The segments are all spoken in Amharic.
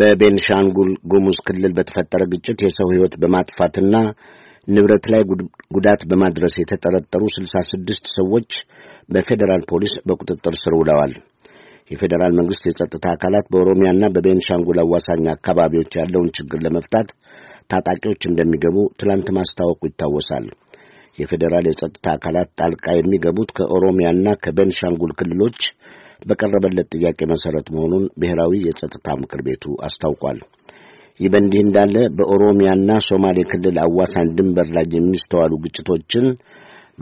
በቤንሻንጉል ጉሙዝ ክልል በተፈጠረ ግጭት የሰው ሕይወት በማጥፋትና ንብረት ላይ ጉዳት በማድረስ የተጠረጠሩ ስልሳ ስድስት ሰዎች በፌዴራል ፖሊስ በቁጥጥር ስር ውለዋል። የፌዴራል መንግሥት የጸጥታ አካላት በኦሮሚያና በቤንሻንጉል አዋሳኝ አካባቢዎች ያለውን ችግር ለመፍታት ታጣቂዎች እንደሚገቡ ትላንት ማስታወቁ ይታወሳል። የፌዴራል የጸጥታ አካላት ጣልቃ የሚገቡት ከኦሮሚያና ከቤንሻንጉል ክልሎች በቀረበለት ጥያቄ መሰረት መሆኑን ብሔራዊ የጸጥታ ምክር ቤቱ አስታውቋል። ይህ በእንዲህ እንዳለ በኦሮሚያና ሶማሌ ክልል አዋሳኝ ድንበር ላይ የሚስተዋሉ ግጭቶችን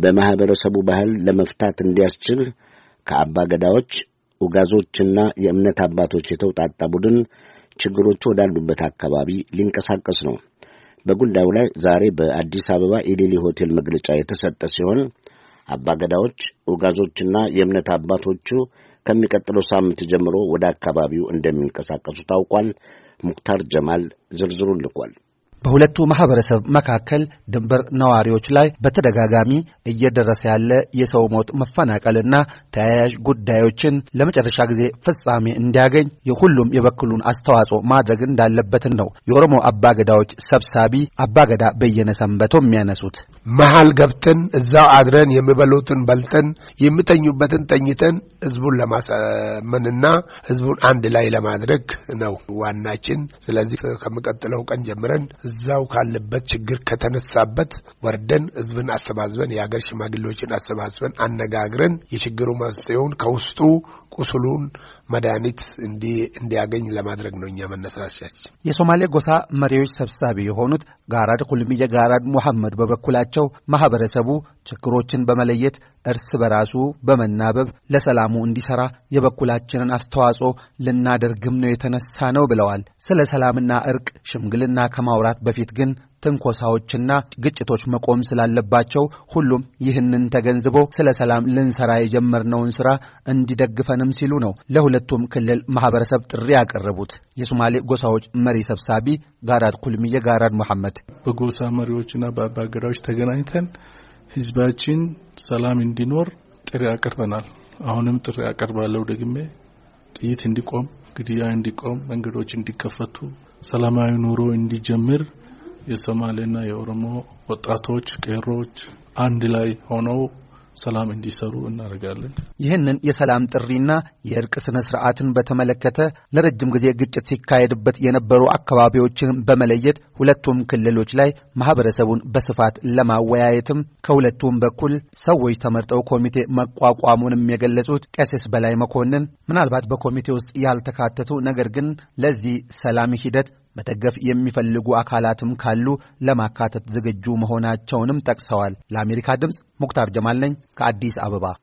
በማኅበረሰቡ ባህል ለመፍታት እንዲያስችል ከአባ ገዳዎች ኡጋዞችና የእምነት አባቶች የተውጣጣ ቡድን ችግሮቹ ወዳሉበት አካባቢ ሊንቀሳቀስ ነው። በጉዳዩ ላይ ዛሬ በአዲስ አበባ ኢሊሊ ሆቴል መግለጫ የተሰጠ ሲሆን አባገዳዎች፣ ኡጋዞችና የእምነት አባቶቹ ከሚቀጥለው ሳምንት ጀምሮ ወደ አካባቢው እንደሚንቀሳቀሱ ታውቋል። ሙክታር ጀማል ዝርዝሩን ልኳል። በሁለቱ ማህበረሰብ መካከል ድንበር ነዋሪዎች ላይ በተደጋጋሚ እየደረሰ ያለ የሰው ሞት፣ መፈናቀልና ተያያዥ ጉዳዮችን ለመጨረሻ ጊዜ ፍጻሜ እንዲያገኝ የሁሉም የበኩሉን አስተዋጽኦ ማድረግ እንዳለበትን ነው የኦሮሞ አባገዳዎች ሰብሳቢ አባገዳ በየነ ሰንበቶ የሚያነሱት። መሀል ገብተን እዛው አድረን የሚበሉትን በልተን የሚተኙበትን ተኝተን ህዝቡን ለማሳመንና ህዝቡን አንድ ላይ ለማድረግ ነው ዋናችን። ስለዚህ ከሚቀጥለው ቀን ጀምረን እዛው ካለበት ችግር ከተነሳበት ወርደን ህዝብን አሰባስበን የሀገር ሽማግሌዎችን አሰባስበን አነጋግረን የችግሩ መንስኤውን ከውስጡ ቁስሉን መድኃኒት እንዲያገኝ ለማድረግ ነው እኛ መነሳሻችን። የሶማሌ ጎሳ መሪዎች ሰብሳቢ የሆኑት ጋራድ ኩልሚየ ጋራድ ሙሐመድ በበኩላቸው ማህበረሰቡ ችግሮችን በመለየት እርስ በራሱ በመናበብ ለሰላሙ እንዲሰራ የበኩላችንን አስተዋጽኦ ልናደርግም ነው የተነሳ ነው ብለዋል። ስለ ሰላምና እርቅ ሽምግልና ከማውራት በፊት ግን ትንኮሳዎችና ግጭቶች መቆም ስላለባቸው ሁሉም ይህንን ተገንዝቦ ስለ ሰላም ልንሰራ የጀመርነውን ስራ እንዲደግፈንም ሲሉ ነው ለሁለቱም ክልል ማህበረሰብ ጥሪ ያቀረቡት። የሶማሌ ጎሳዎች መሪ ሰብሳቢ ጋራድ ኩልሚየ ጋራድ መሐመድ በጎሳ መሪዎችና በአባገዳዎች ተገናኝተን ህዝባችን ሰላም እንዲኖር ጥሪ አቅርበናል። አሁንም ጥሪ አቀርባለሁ ደግሜ ጥይት እንዲቆም ግድያ እንዲቆም፣ መንገዶች እንዲከፈቱ፣ ሰላማዊ ኑሮ እንዲጀምር የሶማሌና የኦሮሞ ወጣቶች ቄሮች አንድ ላይ ሆነው ሰላም እንዲሰሩ እናደርጋለን። ይህንን የሰላም ጥሪና የእርቅ ስነ ስርዓትን በተመለከተ ለረጅም ጊዜ ግጭት ሲካሄድበት የነበሩ አካባቢዎችን በመለየት ሁለቱም ክልሎች ላይ ማህበረሰቡን በስፋት ለማወያየትም ከሁለቱም በኩል ሰዎች ተመርጠው ኮሚቴ መቋቋሙንም የገለጹት ቀሲስ በላይ መኮንን ምናልባት በኮሚቴ ውስጥ ያልተካተቱ ነገር ግን ለዚህ ሰላም ሂደት መደገፍ የሚፈልጉ አካላትም ካሉ ለማካተት ዝግጁ መሆናቸውንም ጠቅሰዋል። ለአሜሪካ ድምፅ ሙክታር ጀማል ነኝ ከአዲስ አበባ።